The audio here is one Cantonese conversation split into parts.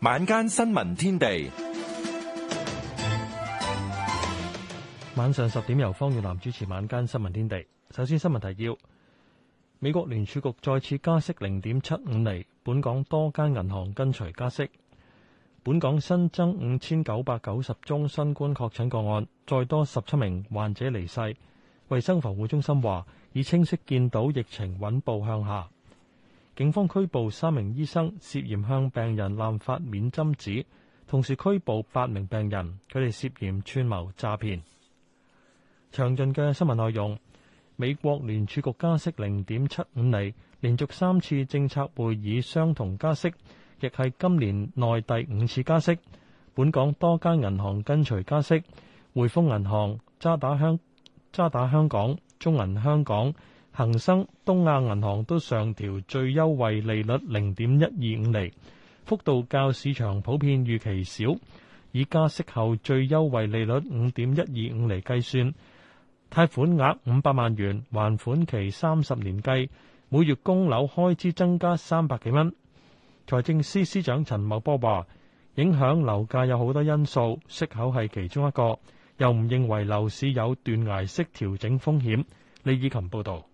晚間新聞天地，晚上十點由方月南主持。晚間新聞天地，首先新聞提要：美國聯儲局再次加息零點七五厘，本港多間銀行跟隨加息。本港新增五千九百九十宗新冠確診個案，再多十七名患者離世。衛生防護中心話，已清晰見到疫情穩步向下。警方拘捕三名醫生，涉嫌向病人濫發免針紙，同時拘捕八名病人，佢哋涉嫌串謀詐騙。詳盡嘅新聞內容：美國聯儲局加息零點七五厘，連續三次政策會議相同加息，亦係今年內第五次加息。本港多家銀行跟隨加息，匯豐銀行，渣打香渣打香港，中銀香港，恒生、東亞銀行都上調最優惠利率零點一二五釐，幅度較市場普遍預期少。以加息後最優惠利率五點一二五釐計算，貸款額五百萬元，還款期三十年計，計每月供樓開支增加三百幾蚊。財政司司長陳茂波話，影響樓價有好多因素，息口係其中一個，又唔認為樓市有斷崖式調整風險。李以琴報導。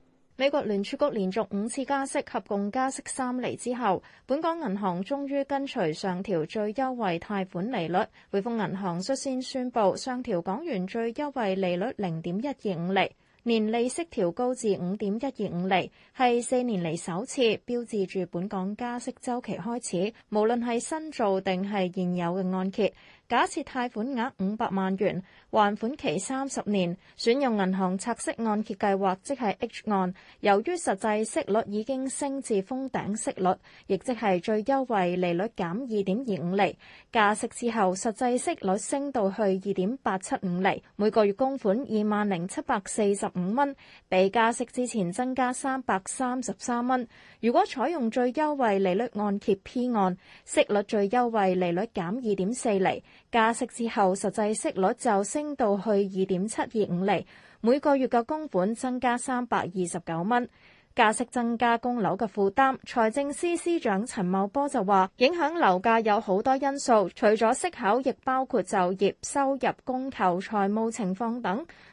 美國聯儲局連續五次加息，合共加息三厘之後，本港銀行終於跟隨上調最優惠貸款利率。匯豐銀行率先宣佈上調港元最優惠利率零點一二五釐，年利息調高至五點一二五釐，係四年嚟首次，標誌住本港加息週期開始。無論係新造定係現有嘅按揭。假設貸款額五百萬元，還款期三十年，選用銀行拆息按揭計劃，即係 H 按。由於實際息率已經升至封頂息率，亦即係最優惠利率減二點二五厘，加息之後實際息率升到去二點八七五厘，每個月供款二萬零七百四十五蚊，比加息之前增加三百三十三蚊。如果採用最優惠利率按揭 P 按，息率最優惠利率減二點四厘。加息之後，實際息率就升到去二點七二五厘，每個月嘅供款增加三百二十九蚊，加息增加供樓嘅負擔。財政司司長陳茂波就話：影響樓價有好多因素，除咗息口，亦包括就業、收入、供求、財務情況等。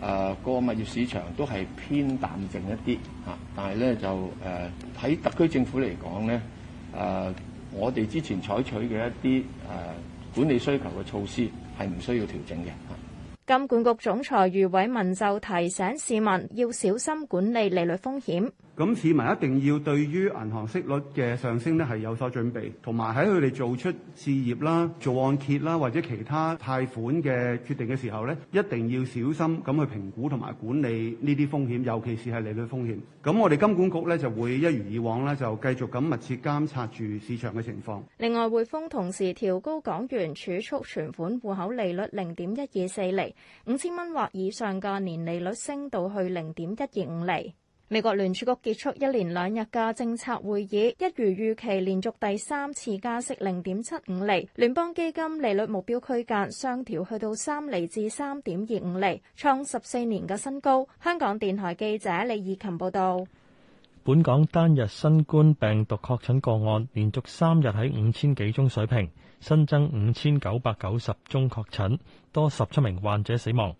誒個、啊、物業市場都係偏淡靜一啲嚇，但係咧就誒喺、啊、特區政府嚟講咧，誒、啊、我哋之前採取嘅一啲誒、啊、管理需求嘅措施係唔需要調整嘅。金管局總裁余偉文就提醒市民要小心管理利率風險。咁市民一定要對於銀行息率嘅上升呢係有所準備，同埋喺佢哋做出置業啦、做按揭啦或者其他貸款嘅決定嘅時候呢，一定要小心咁去評估同埋管理呢啲風險，尤其是係利率風險。咁我哋金管局呢就會一如以往啦，就繼續咁密切監察住市場嘅情況。另外，匯豐同時調高港元儲蓄存款戶口利率零點一二四厘，五千蚊或以上嘅年利率升到去零點一二五厘。美國聯儲局結束一連兩日嘅政策會議，一如預期，連續第三次加息零點七五厘，聯邦基金利率目標區間上調去到三厘至三點二五厘，創十四年嘅新高。香港電台記者李以琴報道。本港單日新冠病毒確診個案連續三日喺五千幾宗水平，新增五千九百九十宗確診，多十七名患者死亡。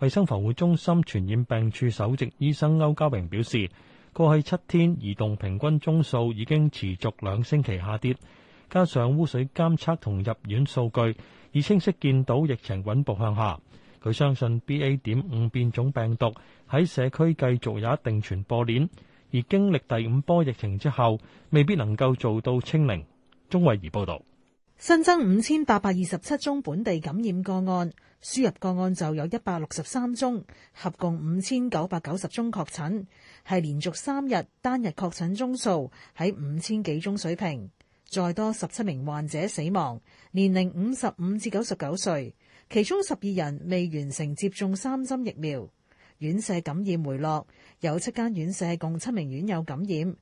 衛生防護中心傳染病處首席醫生歐家榮表示，過去七天移動平均宗數已經持續兩星期下跌，加上污水監測同入院數據，已清晰見到疫情穩步向下。佢相信 BA.5 變種病毒喺社區繼續有一定傳播鏈，而經歷第五波疫情之後，未必能夠做到清零。鍾慧儀報道，新增五千八百二十七宗本地感染個案。輸入個案就有一百六十三宗，合共五千九百九十宗確診，係連續三日單日確診宗數喺五千幾宗水平。再多十七名患者死亡，年齡五十五至九十九歲，其中十二人未完成接種三針疫苗。院舍感染回落，有七間院舍共七名院友感染。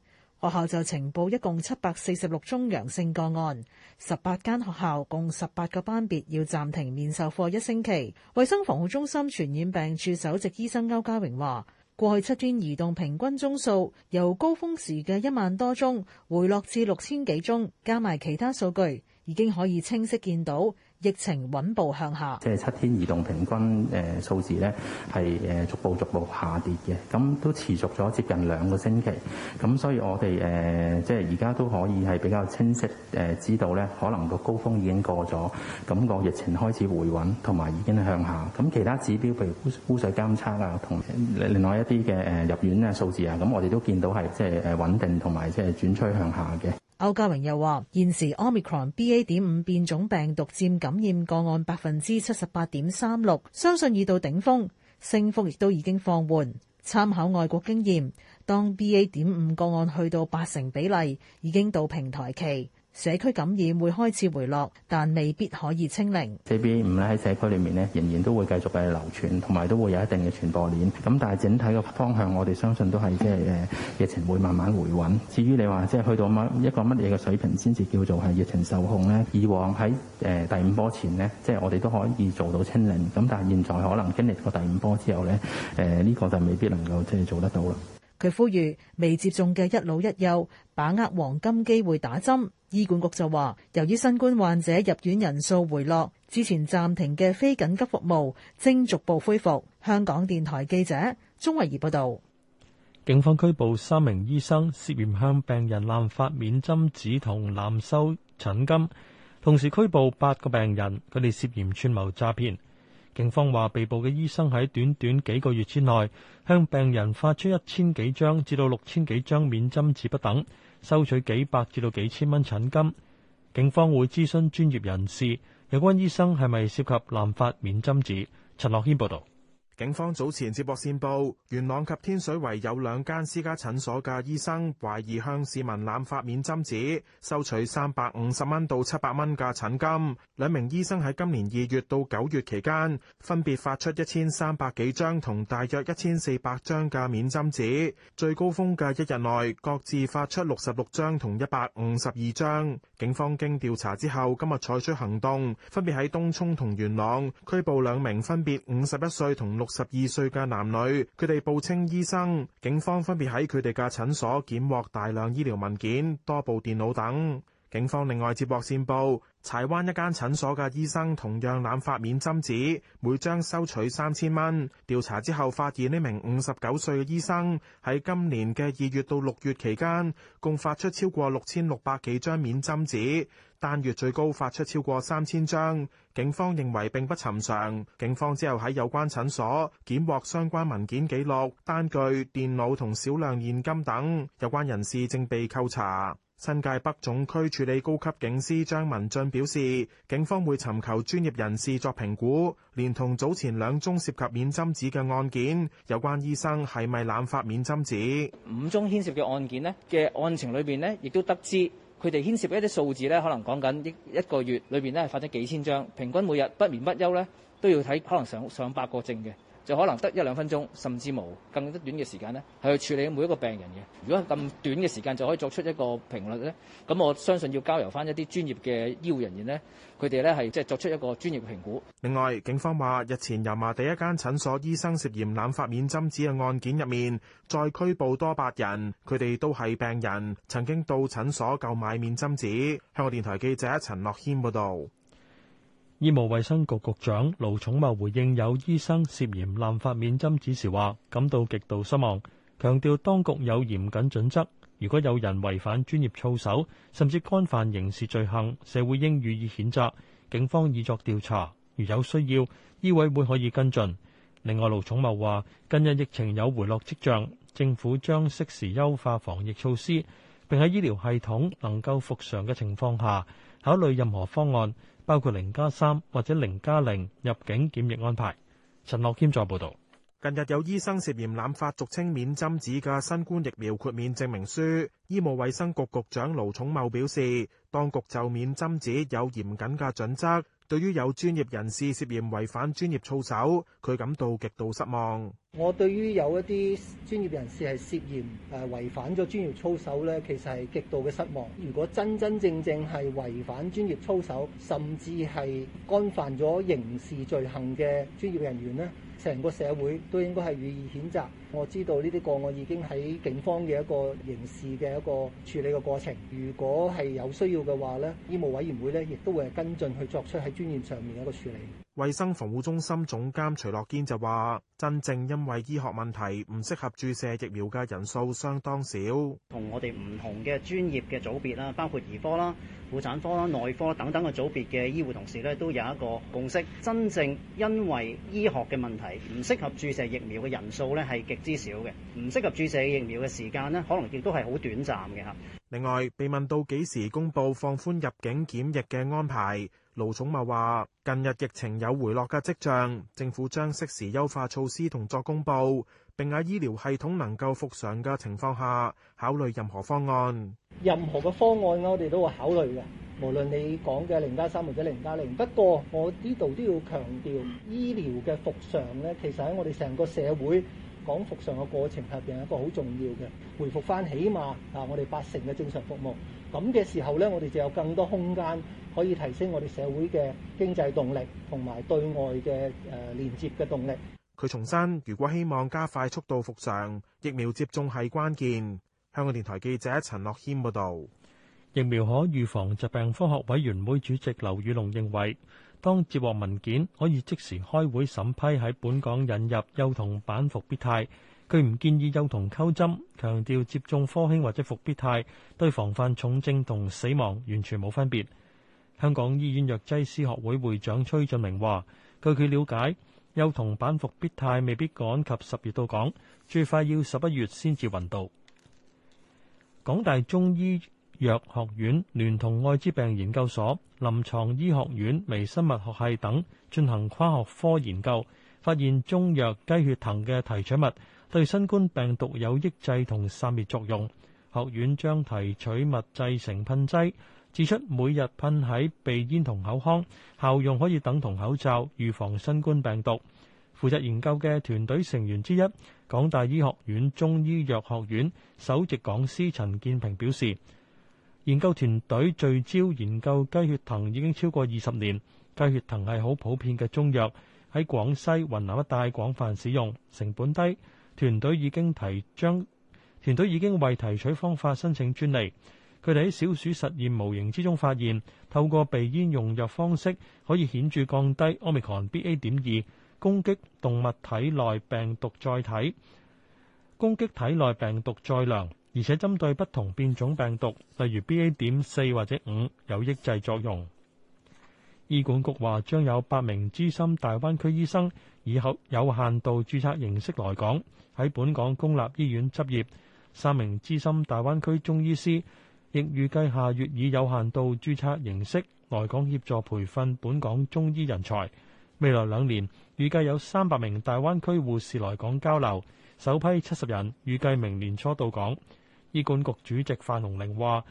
學校就呈報一共七百四十六宗陽性個案，十八間學校共十八個班別要暫停面授課一星期。衛生防護中心傳染病處首席醫生歐家榮話，過去七天移動平均宗數由高峰時嘅一萬多宗回落至六千幾宗，加埋其他數據，已經可以清晰見到。疫情穩步向下，即係七天移動平均誒數字咧，係誒逐步逐步下跌嘅，咁都持續咗接近兩個星期，咁所以我哋誒即係而家都可以係比較清晰誒知道咧，可能個高峰已經過咗，咁個疫情開始回穩，同埋已經向下，咁其他指標譬如污水監測啊，同另外一啲嘅誒入院咧數字啊，咁我哋都見到係即係誒穩定同埋即係轉趨向下嘅。歐家榮又話：現時 omicron B A. 點五變種病毒佔感染個案百分之七十八點三六，相信已到頂峰，升幅亦都已經放緩。參考外國經驗，當 B A. 點五個案去到八成比例，已經到平台期。社區感染會開始回落，但未必可以清零。四 B 五咧喺社區裏面咧，仍然都會繼續嘅流傳，同埋都會有一定嘅傳播鏈。咁但係整體嘅方向，我哋相信都係即係誒疫情會慢慢回穩。至於你話即係去到乜一個乜嘢嘅水平先至叫做係疫情受控咧？以往喺誒第五波前呢，即係我哋都可以做到清零。咁但係現在可能經歷過第五波之後咧，誒呢個就未必能夠即係做得到啦。佢呼籲未接種嘅一老一幼把握黃金機會打針。醫管局就話，由於新冠患者入院人數回落，之前暫停嘅非緊急服務正逐步恢復。香港電台記者鍾維儀報道。警方拘捕三名醫生，涉嫌向病人濫發免針紙同濫收診金，同時拘捕八個病人，佢哋涉嫌串謀詐騙。警方話，被捕嘅醫生喺短短幾個月之內，向病人發出一千幾張至到六千幾張免針紙不等。收取幾百至到幾千蚊診金，警方會諮詢專業人士，有關醫生係咪涉及濫發免針紙，陳樂軒報道。警方早前接獲線報，元朗及天水圍有兩間私家診所嘅醫生懷疑向市民濫發免針紙，收取三百五十蚊到七百蚊嘅診金。兩名醫生喺今年二月到九月期間，分別發出一千三百幾張同大約一千四百張嘅免針紙，最高峰嘅一日內，各自發出六十六張同一百五十二張。警方經調查之後，今日採取行動，分別喺東涌同元朗拘捕兩名，分別五十一歲同六。六十二歲嘅男女，佢哋報稱醫生，警方分別喺佢哋嘅診所檢獲大量醫療文件、多部電腦等。警方另外接獲線報，柴灣一間診所嘅醫生同樣濫發免針紙，每張收取三千蚊。調查之後發現呢名五十九歲嘅醫生喺今年嘅二月到六月期間，共發出超過六千六百幾張免針紙，單月最高發出超過三千張。警方認為並不尋常。警方之後喺有關診所檢獲相關文件記錄、單據、電腦同少量現金等，有關人士正被扣查。新界北總區處理高級警司張文俊表示，警方會尋求專業人士作評估，連同早前兩宗涉及免針紙嘅案件，有關醫生係咪濫發免針紙？五宗牽涉嘅案件呢嘅案情裏邊呢，亦都得知佢哋牽涉一啲數字呢，可能講緊一一個月裏邊呢發咗幾千張，平均每日不眠不休呢，都要睇，可能上上百個證嘅。就可能得一兩分鐘，甚至無更短嘅時間咧，係去處理每一個病人嘅。如果咁短嘅時間就可以作出一個評論咧，咁我相信要交由翻一啲專業嘅醫護人員咧，佢哋咧係即係作出一個專業評估。另外，警方話日前油麻地一間診所醫生涉嫌濫發免針紙嘅案件入面，再拘捕多八人，佢哋都係病人，曾經到診所購買免針紙。香港電台記者陳樂謙報道。醫務衛生局局長盧寵茂回應有醫生涉嫌濫發免針紙時，話感到極度失望，強調當局有嚴謹準則。如果有人違反專業操守，甚至干犯刑事罪行，社會應予以譴責。警方已作調查，如有需要，醫委會可以跟進。另外盧寵，盧寵茂話近日疫情有回落跡象，政府將適時優化防疫措施，並喺醫療系統能夠復常嘅情況下，考慮任何方案，包括零加三或者零加零入境檢疫安排。陳樂謙再報道，近日有醫生涉嫌濫發俗稱免針紙嘅新冠疫苗豁免證明書。醫務衛生局局長盧重茂表示，當局就免針紙有嚴謹嘅準則。對於有專業人士涉嫌違反專業操守，佢感到極度失望。我對於有一啲專業人士係涉嫌誒違反咗專業操守呢，其實係極度嘅失望。如果真真正正係違反專業操守，甚至係干犯咗刑事罪行嘅專業人員呢，成個社會都應該係予以譴責。我知道呢啲個案已經喺警方嘅一個刑事嘅一個處理嘅過程。如果係有需要嘅話咧，醫務委員會咧亦都會係跟進去作出喺專業上面一個處理。衛生防護中心總監徐樂堅就話，真正因為醫學問題唔適合注射疫苗嘅人數相當少。我們不同我哋唔同嘅專業嘅組別啦，包括兒科啦、婦產科啦、內科等等嘅組別嘅醫護同事咧，都有一個共識：真正因為醫學嘅問題唔適合注射疫苗嘅人數咧係極之少嘅，唔適合注射疫苗嘅時間咧可能亦都係好短暫嘅吓。另外，被問到幾時公布放寬入境檢疫嘅安排？盧寵茂話：近日疫情有回落嘅跡象，政府將適時優化措施同作公布，並喺醫療系統能夠復常嘅情況下考慮任何方案。任何嘅方案我哋都會考慮嘅，無論你講嘅零加三或者零加零。0，不過我呢度都要強調，醫療嘅復常咧，其實喺我哋成個社會講復常嘅過程入邊，係一個好重要嘅回復翻，起碼啊我哋八成嘅正常服務。咁嘅時候咧，我哋就有更多空間。可以提升我哋社會嘅經濟動力，同埋對外嘅誒、呃、連接嘅動力。佢重申，如果希望加快速度復常，疫苗接種係關鍵。香港電台記者陳樂謙報導。疫苗可預防疾病科學委員會主席劉宇龍認為，當接獲文件，可以即時開會審批喺本港引入幼童版伏必泰。佢唔建議幼童溝針，強調接種科興或者伏必泰對防範重症同死亡完全冇分別。香港醫院藥劑師學會會長崔俊明話，據佢了解，幼童版復必泰未必趕及十月到港，最快要十一月先至運到。港大中醫藥學院聯同愛滋病研究所、臨床醫學院微生物學系等進行跨學科研究，發現中藥雞血藤嘅提取物對新冠病毒有抑制同殺滅作用，學院將提取物製成噴劑，指出每日噴喺鼻咽同口腔，效用可以等同口罩預防新冠病毒。負責研究嘅團隊成員之一，港大醫學院中醫藥學院，首席講師陳建平表示,研究團隊聚焦研究雞血藤已經超過二十年，雞血藤係好普遍嘅中藥，喺廣西雲南一帶廣泛使用，成本低，團隊已經提將，團隊已經為提取方法申請專利。佢哋喺小鼠實驗模型之中發現，透過鼻煙用藥方式可以顯著降低 Omicron BA.2 攻擊動物體內病毒載體，攻擊體內病毒載量，而且針對不同變種病毒，例如 BA.4 或者五有抑制作用。醫管局話將有八名資深大灣區醫生以有限度註冊形式來港喺本港公立醫院執業，三名資深大灣區中醫師。亦預計下月以有限度註冊形式來港協助培訓本港中醫人才。未來兩年預計有三百名大灣區護士來港交流，首批七十人預計明年初到港。醫管局主席范鴻齡話，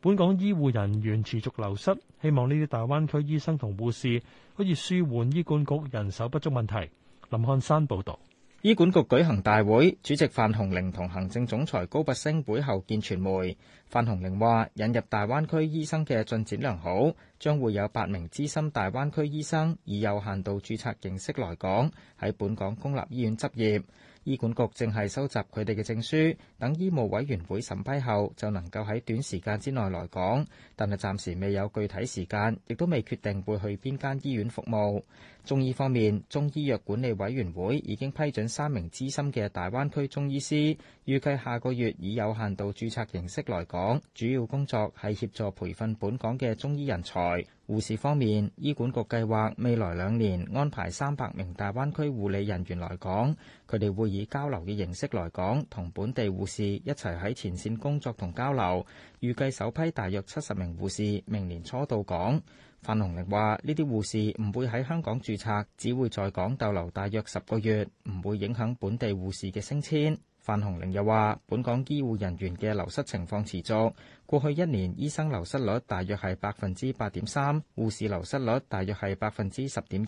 本港醫護人員持續流失，希望呢啲大灣區醫生同護士可以舒緩醫管局人手不足問題。林漢山報導。醫管局舉行大會，主席范鴻齡同行政總裁高拔升會後見傳媒。范鴻齡話：引入大灣區醫生嘅進展良好，將會有八名資深大灣區醫生以有限度注冊形式來港，喺本港公立醫院執業。醫管局正係收集佢哋嘅證書，等醫務委員會審批後，就能夠喺短時間之內來港，但係暫時未有具體時間，亦都未決定會去邊間醫院服務。中醫方面，中醫藥管理委員會已經批准三名資深嘅大灣區中醫師，預計下個月以有限度註冊形式來港，主要工作係協助培訓本港嘅中醫人才。護士方面，醫管局計劃未來兩年安排三百名大灣區護理人員來港，佢哋會以交流嘅形式來港，同本地護士一齊喺前線工作同交流。預計首批大約七十名護士明年初到港。范鴻齡話：呢啲護士唔會喺香港註冊，只會在港逗留大約十個月，唔會影響本地護士嘅升遷。范宏玲又話：本港醫護人員嘅流失情況持續，過去一年醫生流失率大約係百分之八點三，護士流失率大約係百分之十點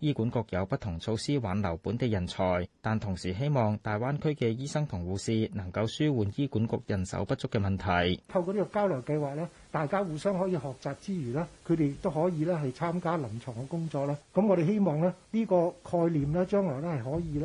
一。醫管局有不同措施挽留本地人才，但同時希望大灣區嘅醫生同護士能夠舒緩醫管局人手不足嘅問題。透過呢個交流計劃咧，大家互相可以學習之餘咧，佢哋都可以咧係參加臨床嘅工作啦。咁我哋希望咧呢個概念咧，將來咧係可以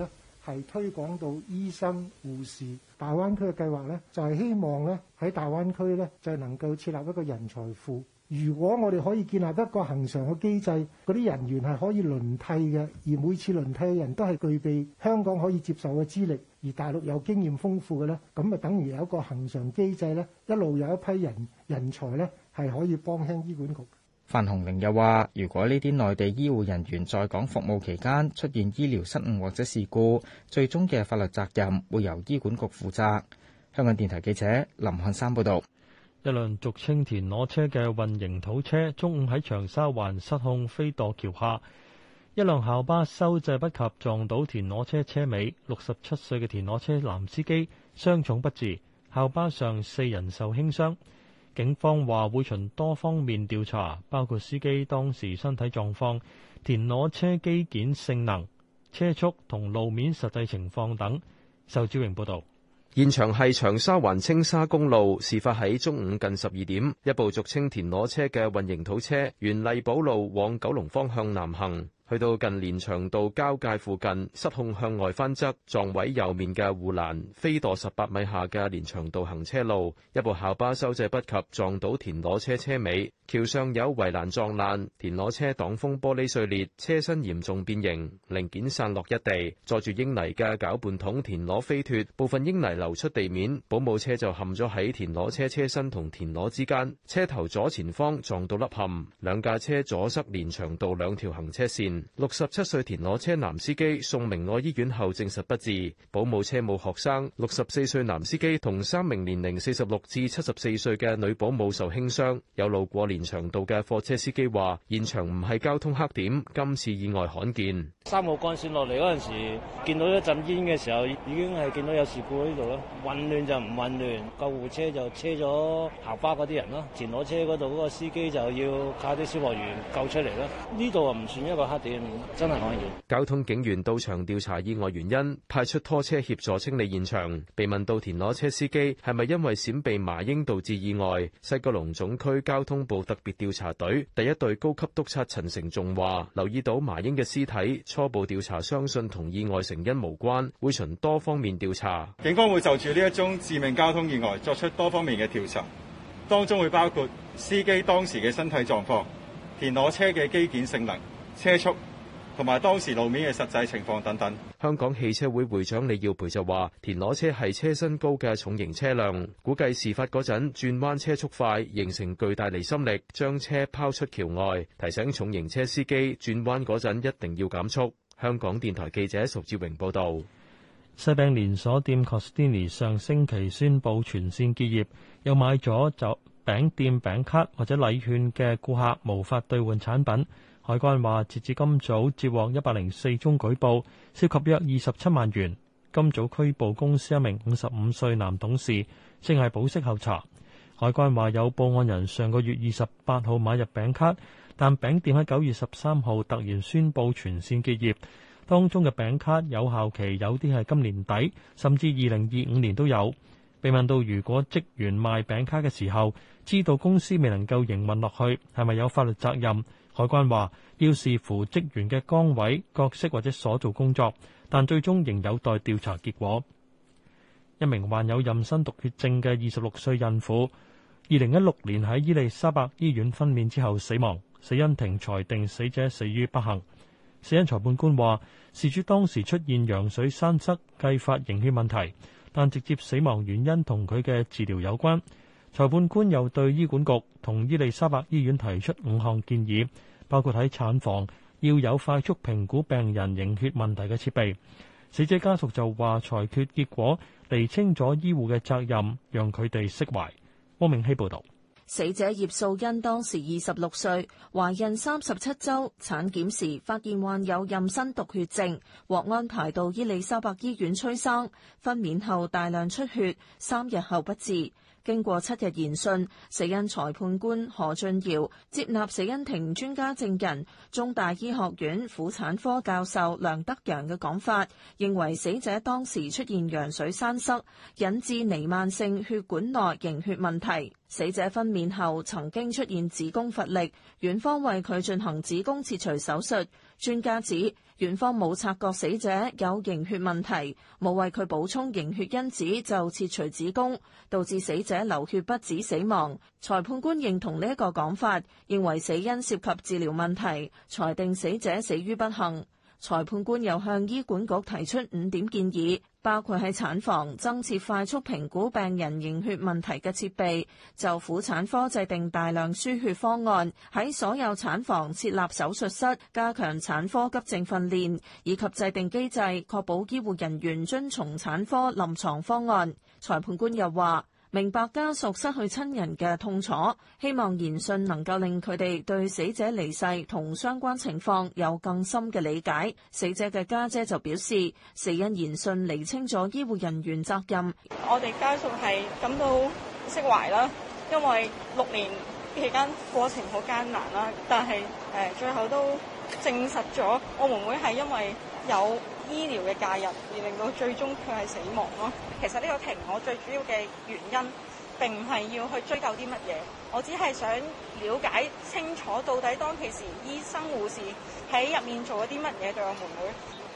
係推廣到醫生、護士，大灣區嘅計劃咧，就係希望咧喺大灣區咧，就能夠設立一個人才庫。如果我哋可以建立一個恒常嘅機制，嗰啲人員係可以輪替嘅，而每次輪替嘅人都係具備香港可以接受嘅資歷，而大陸有經驗豐富嘅咧，咁咪等於有一個恒常機制咧，一路有一批人人才咧係可以幫輕醫管局。范洪玲又話：如果呢啲內地醫護人員在港服務期間出現醫療失誤或者事故，最終嘅法律責任會由醫管局負責。香港電台記者林漢山報導。一輛俗稱田螺車嘅運營土車中午喺長沙灣失控飛墮橋下，一輛校巴收制不及撞到田螺車車尾，六十七歲嘅田螺車男司機傷重不治，校巴上四人受輕傷。警方話會循多方面調查，包括司機當時身體狀況、田螺車機件性能、車速同路面實際情況等。仇志榮報導。現場係長沙灣青沙公路，事發喺中午近十二點，一部俗稱田螺車嘅運營土車，沿荔寶路往九龍方向南行。去到近連長道交界附近失控向外翻側，撞毀右面嘅護欄，飛墮十八米下嘅連長道行車路。一部校巴收掣不及，撞到田螺車車尾。橋上有圍欄撞爛，田螺車擋風玻璃碎裂，車身嚴重變形，零件散落一地。載住英泥嘅攪拌桶田螺飛脱，部分英泥流出地面。保姆車就陷咗喺田螺車車身同田螺之間，車頭左前方撞到凹陷。兩架車阻塞連長道兩條行車線。六十七歲田螺車男司機送明愛醫院後證實不治，保姆車冇學生。六十四歲男司機同三名年齡四十六至七十四歲嘅女保姆受輕傷。有路過連翔道嘅貨車司機話：現場唔係交通黑點，今次意外罕見。三號幹線落嚟嗰陣時，見到一陣煙嘅時候，已經係見到有事故喺呢度咯。混亂就唔混亂，救護車就車咗校巴嗰啲人咯。田螺車嗰度嗰個司機就要靠啲消防員救出嚟咯。呢度唔算一個黑點。嗯、真係可以。交通警員到場調查意外原因，派出拖車協助清理現場。被問到田螺車司機係咪因為閃避麻鷹導致意外？西九龍總區交通部特別調查隊第一隊高級督察陳成仲話：留意到麻鷹嘅屍體，初步調查相信同意外成因無關，會循多方面調查。警方會就住呢一宗致命交通意外作出多方面嘅調查，當中會包括司機當時嘅身體狀況、田螺車嘅機件性能。車速同埋當時路面嘅實際情況等等。香港汽車會會長李耀培就話，田螺車係車身高嘅重型車輛，估計事發嗰陣轉彎車速快，形成巨大離心力，將車拋出橋外。提醒重型車司機轉彎嗰陣一定要減速。香港電台記者邵志榮報導。西餅連鎖店 Costini 上星期宣布全線結業，又買咗就餅店餅卡或者禮券嘅顧客無法兌換產品。海關話，截至今早接獲一百零四宗舉報，涉及約二十七萬元。今早拘捕公司一名五十五歲男董事，正係保釋候查。海關話，有報案人上個月二十八號買入餅卡，但餅店喺九月十三號突然宣布全線結業，當中嘅餅卡有效期有啲係今年底，甚至二零二五年都有。被問到如果職員賣餅卡嘅時候，知道公司未能夠營運落去，係咪有法律責任？海關話要視乎職員嘅崗位角色或者所做工作，但最終仍有待調查結果。一名患有妊娠毒血症嘅二十六歲孕婦，二零一六年喺伊利沙伯醫院分娩之後死亡，死因庭裁定死者死於不幸。死因裁判官話：事主當時出現羊水栓塞繼發凝血問題，但直接死亡原因同佢嘅治療有關。裁判官又對醫管局同伊利沙伯醫院提出五項建議，包括喺產房要有快速評估病人凝血問題嘅設備。死者家屬就話裁決結果釐清咗醫護嘅責任，讓佢哋釋懷。汪明希報導，死者葉素欣當時二十六歲，懷孕三十七週，產檢時發現患有妊娠毒血症，獲安排到伊利沙伯醫院催生。分娩後大量出血，三日後不治。經過七日研訊，死因裁判官何俊堯接納死因庭專家證人中大醫學院婦產科教授梁德陽嘅講法，認為死者當時出現羊水栓塞，引致彌漫性血管內凝血問題。死者分娩後曾經出現子宮乏力，院方為佢進行子宮切除手術。專家指，院方冇察覺死者有凝血問題，冇為佢補充凝血因子就切除子宮，導致死者流血不止死亡。裁判官認同呢一個講法，認為死因涉及治療問題，裁定死者死於不幸。裁判官又向醫管局提出五點建議，包括喺產房增設快速評估病人凝血問題嘅設備，就婦產科制定大量輸血方案，喺所有產房設立手術室，加強產科急症訓練，以及制定機制確保醫護人員遵從產科臨床方案。裁判官又話。明白家屬失去親人嘅痛楚，希望研訊能夠令佢哋對死者離世同相關情況有更深嘅理解。死者嘅家姐，姐就表示，死因研訊釐清咗醫護人員責任。我哋家屬係感到釋懷啦，因為六年期間過程好艱難啦，但係誒、呃、最後都證實咗我妹妹係因為有。醫療嘅介入而令到最終佢係死亡咯。其實呢個庭我最主要嘅原因並唔係要去追究啲乜嘢，我只係想了解清楚到底當其時醫生護士喺入面做咗啲乜嘢對我妹妹。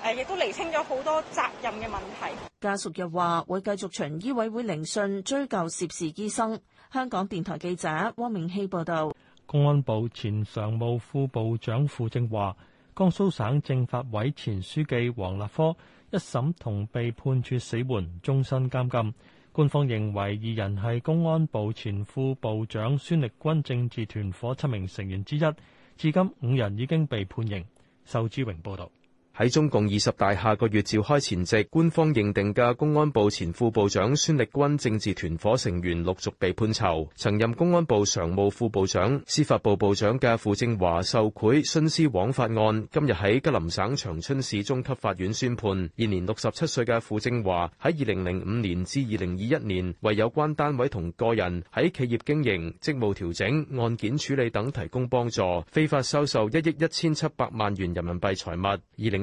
誒亦都厘清咗好多責任嘅問題，家屬又話會繼續循醫委會聆訊追究涉事醫生。香港電台記者汪明希報道。公安部前常務副部長傅政華。江蘇省政法委前書記王立科一審同被判處死緩、終身監禁。官方認為二人係公安部前副部長孫力軍政治團夥七名成員之一。至今五人已經被判刑。仇志榮報道。喺中共二十大下個月召開前夕，官方認定嘅公安部前副部長孫力軍政治團伙成員陸續被判囚。曾任公安部常務副部長、司法部部長嘅傅政華受賄徇私枉法案，今日喺吉林省長春市中級法院宣判。現年六十七歲嘅傅政華喺二零零五年至二零二一年，為有關單位同個人喺企業經營、職務調整、案件處理等提供幫助，非法收受一億一千七百萬元人民幣財物。二零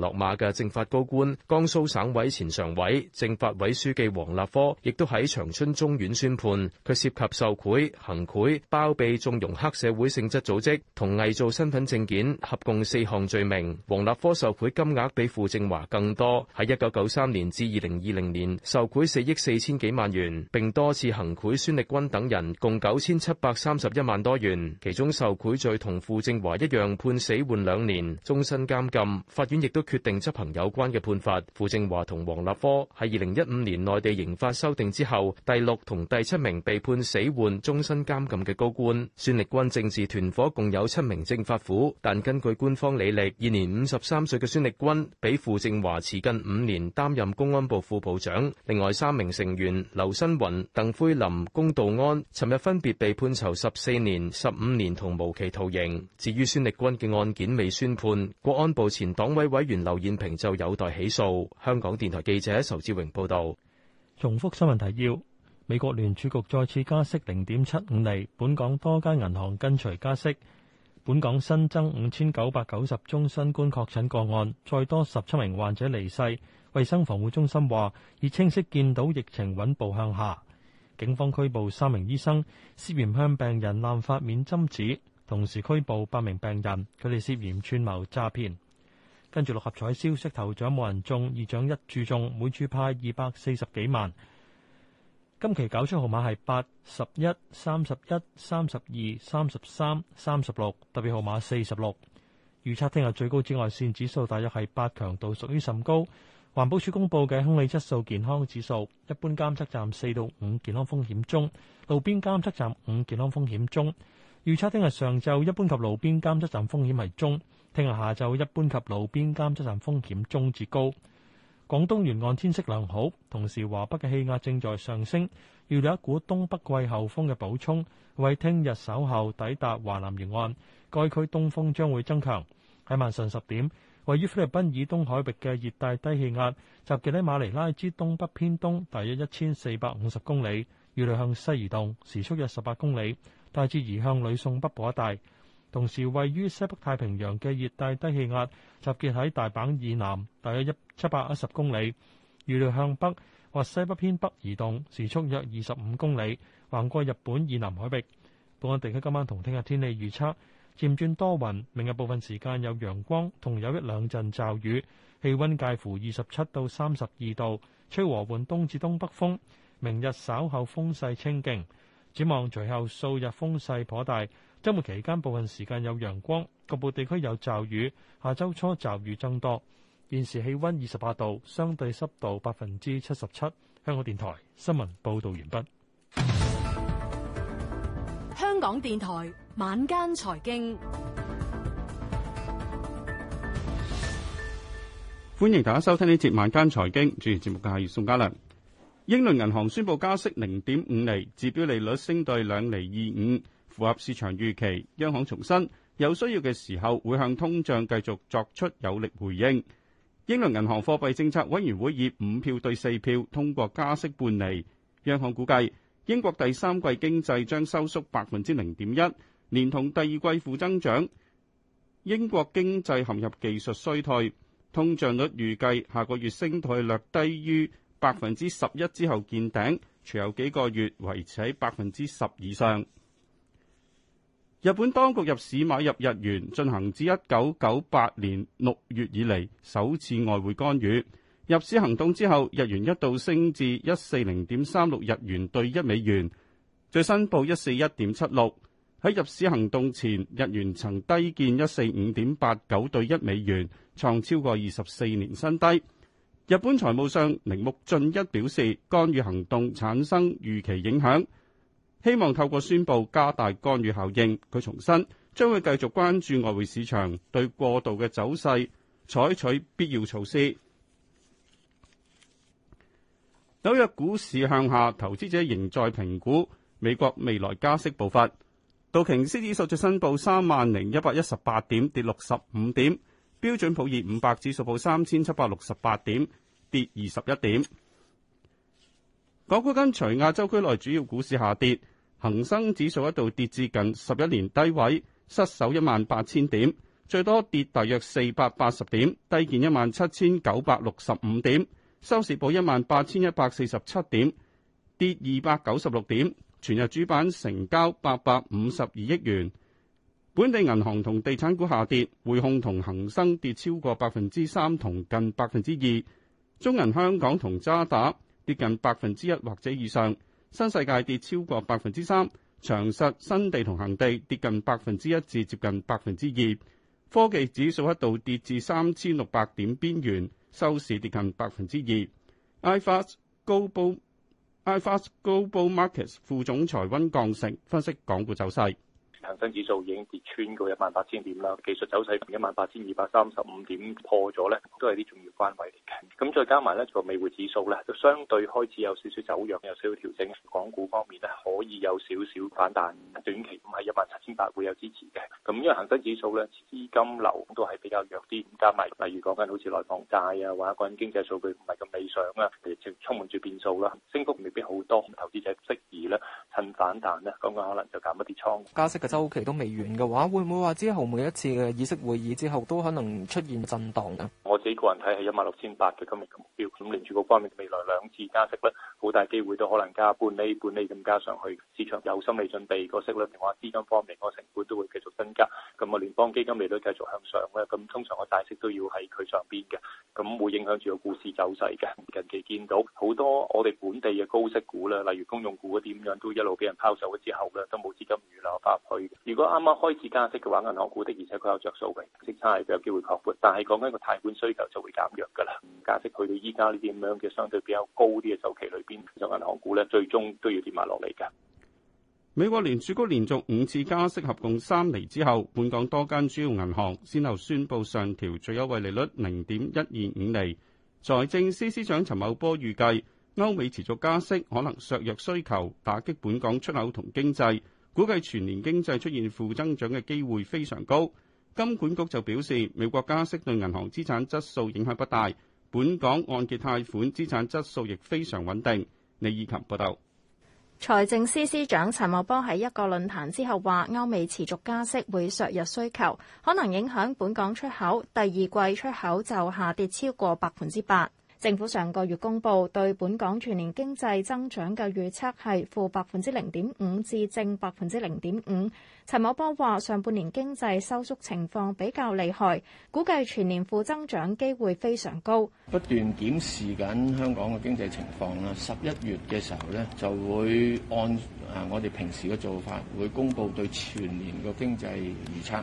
落馬嘅政法高官、江蘇省委前常委、政法委書記王立科，亦都喺長春中院宣判，佢涉及受賄、行賄、包庇、縱容黑社會性質組織同偽造身份證件，合共四項罪名。王立科受賄金額比傅政華更多，喺一九九三年至二零二零年受賄四億四千幾萬元，並多次行賄孫力軍等人，共九千七百三十一萬多元。其中受賄罪同傅政華一樣判死緩兩年、終身監禁。法院亦都決定執行有關嘅判罰。傅政華同黃立科係二零一五年內地刑法修訂之後第六同第七名被判死緩終身監禁嘅高官。孫力軍政治團伙共有七名政法府，但根據官方履歷，現年五十三歲嘅孫力軍比傅政華遲近五年擔任公安部副部長。另外三名成員劉新雲、鄧輝林、龔道安，尋日分別被判囚十四年、十五年同無期徒刑。至於孫力軍嘅案件未宣判，公安部前黨委委員。劉燕平就有待起訴。香港電台記者仇志榮報道。重複新聞提要：美國聯儲局再次加息零點七五厘，本港多間銀行跟隨加息。本港新增五千九百九十宗新冠確診個案，再多十七名患者離世。衛生防護中心話，已清晰見到疫情穩步向下。警方拘捕三名醫生，涉嫌向病人濫發免針紙，同時拘捕八名病人，佢哋涉嫌串謀詐騙。跟住六合彩消息，頭獎冇人中，二獎一注中，每注派二百四十幾萬。今期攪出號碼係八、十一、三十一、三十二、三十三、三十六，特別號碼四十六。預測聽日最高紫外線指數大約係八強度，屬於甚高。環保署公佈嘅空氣質素健康指數，一般監測站四到五，健康風險中；路邊監測站五，健康風險中。預測聽日上晝一般及路邊監測站風險係中。聽日下晝，一般及路邊監測站風險中至高。廣東沿岸天色良好，同時華北嘅氣壓正在上升，預料一股東北季候風嘅補充，為聽日稍後抵達華南沿岸，該區東風將會增強。喺晚上十點，位於菲律賓以東海域嘅熱帶低氣壓，集結喺馬尼拉之東北偏東大約一千四百五十公里，預料向西移動，時速約十八公里，大致移向呂宋北部一帶。同時，位於西北太平洋嘅熱帶低氣壓集結喺大阪以南，大約一千七百一十公里，預料向北或西北偏北移動，時速約二十五公里，橫過日本以南海域。本港地區今晚同聽日天氣預測漸轉多雲，明日部分時間有陽光同有一兩陣驟雨，氣温介乎二十七到三十二度，吹和緩東至東北風，明日稍後風勢清勁，展望隨後數日風勢頗大。週末期間部分時間有陽光，局部地區有驟雨，下周初驟雨增多。現時氣温二十八度，相對濕度百分之七十七。香港電台新聞報道完畢。香港電台晚間財經，歡迎大家收聽呢節晚間財經，主持節目嘅係宋嘉麟。英倫銀行宣佈加息零點五厘，指標利率升到兩厘二五。符合市場預期，央行重申有需要嘅時候會向通脹繼續作出有力回應。英倫銀行貨幣政策委員會以五票對四票通過加息半釐。央行估計英國第三季經濟將收縮百分之零點一，連同第二季負增長。英國經濟陷入技術衰退，通脹率預計下個月升退略低於百分之十一之後見頂，除有幾個月維持喺百分之十以上。日本當局入市買入日元，進行自1998年6月以嚟首次外匯干預。入市行動之後，日元一度升至140.36日元兌一美元，最新報141.76。喺入市行動前，日元曾低見145.89對一美元，創超過二十四年新低。日本財務相鈴木俊一表示，干預行動產生預期影響。希望透過宣布加大干預效應，佢重申將會繼續關注外匯市場對過度嘅走勢，採取必要措施。紐約股市向下，投資者仍在評估美國未來加息步伐。道瓊斯指數再申報三萬零一百一十八點，跌六十五點；標準普爾五百指數報三千七百六十八點，跌二十一點。港股跟隨亞洲區內主要股市下跌，恒生指數一度跌至近十一年低位，失守一萬八千點，最多跌大約四百八十點，低見一萬七千九百六十五點，收市報一萬八千一百四十七點，跌二百九十六點。全日主板成交八百五十二億元。本地銀行同地產股下跌，匯控同恒生跌超過百分之三同近百分之二，中銀香港同渣打，跌近百分之一或者以上，新世界跌超過百分之三，長實、新地同恒地跌近百分之一至接近百分之二，科技指數一度跌至三千六百點邊緣，收市跌近百分之二。iFast 高報，iFast Global, Global Markets 副總裁溫降成分析港股走勢。恒生指數已經跌穿過一萬八千點啦，技術走勢從一萬八千二百三十五點破咗咧，都係啲重要的關位嚟嘅。咁再加埋咧個美匯指數咧就相對開始有少少走弱，有少少調整。港股方面咧可以有少少反彈，短期唔係一萬七千八會有支持嘅。咁因為恒生指數咧資金流都係比較弱啲，加埋例如講緊好似內房債啊，或者講緊經濟數據唔係咁理想啊，其實充滿住變數啦，升幅未必好多，投資者適宜咧趁反彈咧，咁樣可能就減一啲倉。到期都未完嘅話，會唔會話之後每一次嘅議息會議之後都可能出現震盪？我自己個人睇係一萬六千八嘅今日目標。咁連住個方面，未來兩次加息咧，好大機會都可能加半厘、半厘咁加上去。市場有心理準備，個息率同埋資金方面個成本都會繼續增加。咁啊，聯邦基金利率繼續向上咧，咁通常個大息都要喺佢上邊嘅，咁會影響住個股市走勢嘅。近期見到好多我哋本地嘅高息股咧，例如公用股嗰啲咁樣，都一路俾人拋售咗之後咧，都冇資金預留翻入去。如果啱啱開始加息嘅話，銀行股的確，而且佢有着數嘅息差係有機會擴闊，但係講緊個貸款需求就會減弱㗎啦、嗯。加息去到依家呢啲咁樣嘅相對比較高啲嘅週期裏邊，就銀行股咧最終都要跌埋落嚟㗎。美國聯儲局連續五次加息，合共三厘之後，本港多間主要銀行先後宣布上調最優惠利率零點一二五厘。財政司司長陳茂波預計，歐美持續加息可能削弱需求，打擊本港出口同經濟。估計全年經濟出現負增長嘅機會非常高。金管局就表示，美國加息對銀行資產質素影響不大，本港按揭貸款資產質素亦非常穩定。李以琴報道，財政司司長陳茂波喺一個論壇之後話，歐美持續加息會削弱需求，可能影響本港出口。第二季出口就下跌超過百分之八。政府上個月公布對本港全年經濟增長嘅預測係負百分之零點五至正百分之零點五。陳茂波話：上半年經濟收縮情況比較厲害，估計全年負增長機會非常高。不斷檢視緊香港嘅經濟情況啦。十一月嘅時候咧，就會按誒我哋平時嘅做法，會公布對全年嘅經濟預測。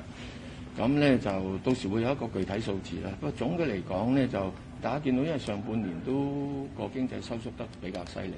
咁咧就到時會有一個具體數字啦。不過總嘅嚟講咧就。大家見到，因為上半年都個經濟收縮得比較犀利，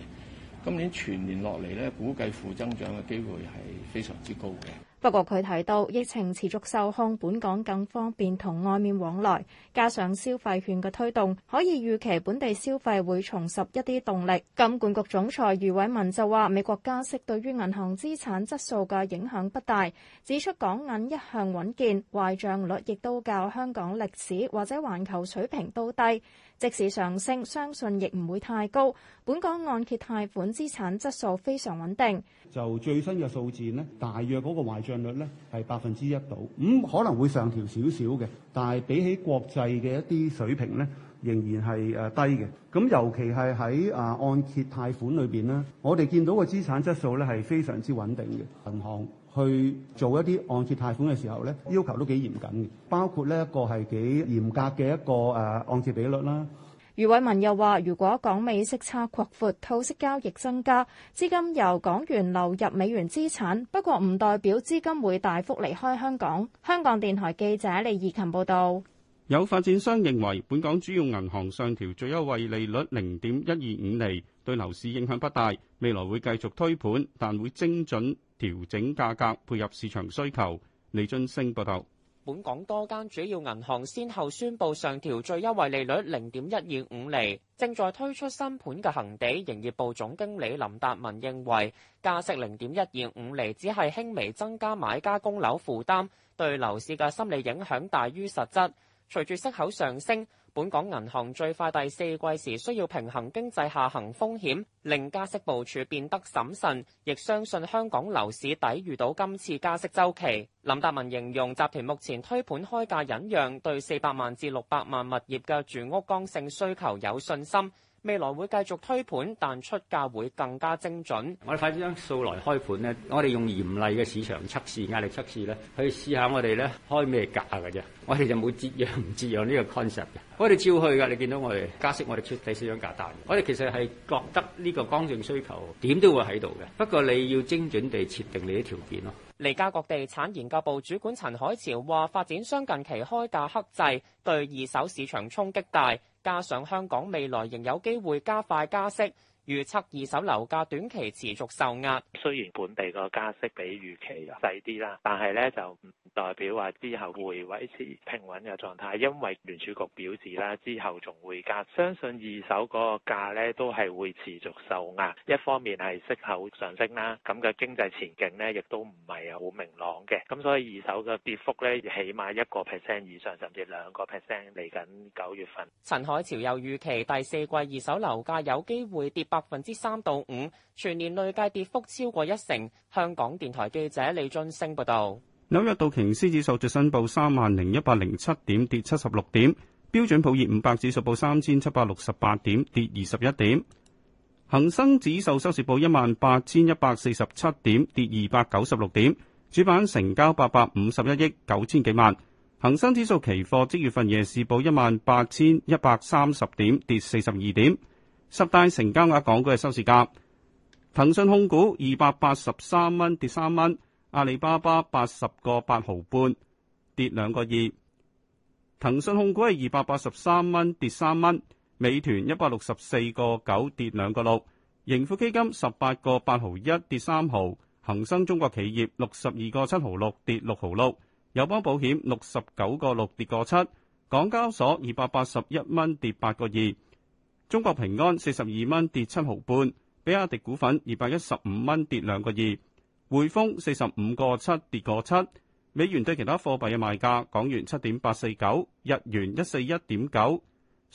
今年全年落嚟咧，估計負增長嘅機會係非常之高嘅。不過佢提到疫情持續受控，本港更方便同外面往來，加上消費券嘅推動，可以預期本地消費會重拾一啲動力。金管局總裁余偉文就話：美國加息對於銀行資產質素嘅影響不大，指出港銀一向穩健，壞賬率亦都較香港歷史或者環球水平都低。即使上升，相信亦唔會太高。本港按揭貸款資產質素非常穩定。就最新嘅數字呢，大約嗰個壞賬率呢係百分之一度，咁、嗯、可能會上調少少嘅，但係比起國際嘅一啲水平呢，仍然係誒低嘅。咁尤其係喺啊按揭貸款裏邊呢，我哋見到個資產質素咧係非常之穩定嘅。銀行去做一啲按揭貸款嘅時候呢，要求都幾嚴謹嘅，包括呢一個係幾嚴格嘅一個誒按揭比率啦。余偉文又話，如果港美息差擴闊，套息交易增加，資金由港元流入美元資產，不過唔代表資金會大幅離開香港。香港電台記者李怡琴報道。有發展商認為本港主要銀行上調最優惠利率零點一二五厘，對樓市影響不大，未來會繼續推盤，但會精準。調整價格，配合市場需求。李津升報道，本港多間主要銀行先後宣布上調最優惠利率零點一二五厘，正在推出新盤嘅恒地營業部總經理林達文認為加息零點一二五厘只係輕微增加買家供樓負擔，對樓市嘅心理影響大於實質，隨住息口上升。本港銀行最快第四季時需要平衡經濟下行風險，令加息部署變得審慎，亦相信香港樓市抵禦到今次加息周期。林達文形容集團目前推盤開價隱讓，對四百萬至六百萬物業嘅住屋剛性需求有信心。未來會繼續推盤，但出價會更加精準。我哋快啲將數來開盤咧，我哋用嚴厲嘅市場測試、壓力測試咧，去試下我哋咧開咩價㗎啫。我哋就冇節約唔節約呢個 concept 嘅，我哋照去噶。你見到我哋加息我，我哋出第四張價單。我哋其實係覺得呢個剛性需求點都會喺度嘅，不過你要精準地設定你啲條件咯。利嘉閣地產研究部主管陳海潮話：發展商近期開價克制，對二手市場衝擊大，加上香港未來仍有機會加快加息。預測二手樓價短期持續受壓。雖然本地個加息比預期細啲啦，但係咧就唔代表話之後會維持平穩嘅狀態，因為聯儲局表示啦，之後仲會加。相信二手個價咧都係會持續受壓。一方面係息口上升啦，咁嘅經濟前景咧亦都唔係好明朗嘅。咁所以二手嘅跌幅咧，起碼一個 percent 以上，甚至兩個 percent。嚟緊九月份，陳海潮又預期第四季二手樓價有機會跌百百分之三到五，全年累計跌幅超過一成。香港電台記者李俊升報道。紐約道瓊斯指數最新報三萬零一百零七點，跌七十六點。標準普爾五百指數報三千七百六十八點，跌二十一點。恒生指數收市報一萬八千一百四十七點，跌二百九十六點。主板成交八百五十一億九千幾萬。恒生指數期貨即月份夜市報一萬八千一百三十點，跌四十二點。十大成交額港股嘅收市價：騰訊控股二百八十三蚊跌三蚊，阿里巴巴八十個八毫半跌兩個二。騰訊控股係二百八十三蚊跌三蚊，美團一百六十四個九跌兩個六，盈富基金十八個八毫一跌三毫，恒生中國企業六十二個七毫六跌六毫六，友邦保險六十九個六跌個七，港交所二百八十一蚊跌八個二。中國平安四十二蚊跌七毫半，比亞迪股份二百一十五蚊跌兩個二，匯豐四十五個七跌個七，美元對其他貨幣嘅賣價：港元七點八四九，日元一四一點九，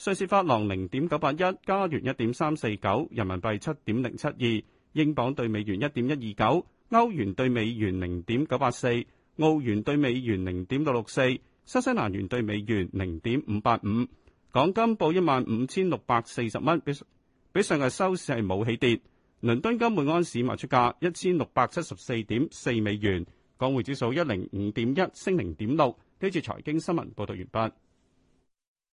瑞士法郎零點九八一，加元一點三四九，人民幣七點零七二，英鎊對美元一點一二九，歐元對美元零點九八四，澳元對美元零點六六四，新西蘭元對美元零點五八五。港金報一萬五千六百四十蚊，比上日收市係冇起跌。倫敦金每安士賣出價一千六百七十四點四美元。港匯指數一零五點一，升零點六。呢次財經新聞報道完畢。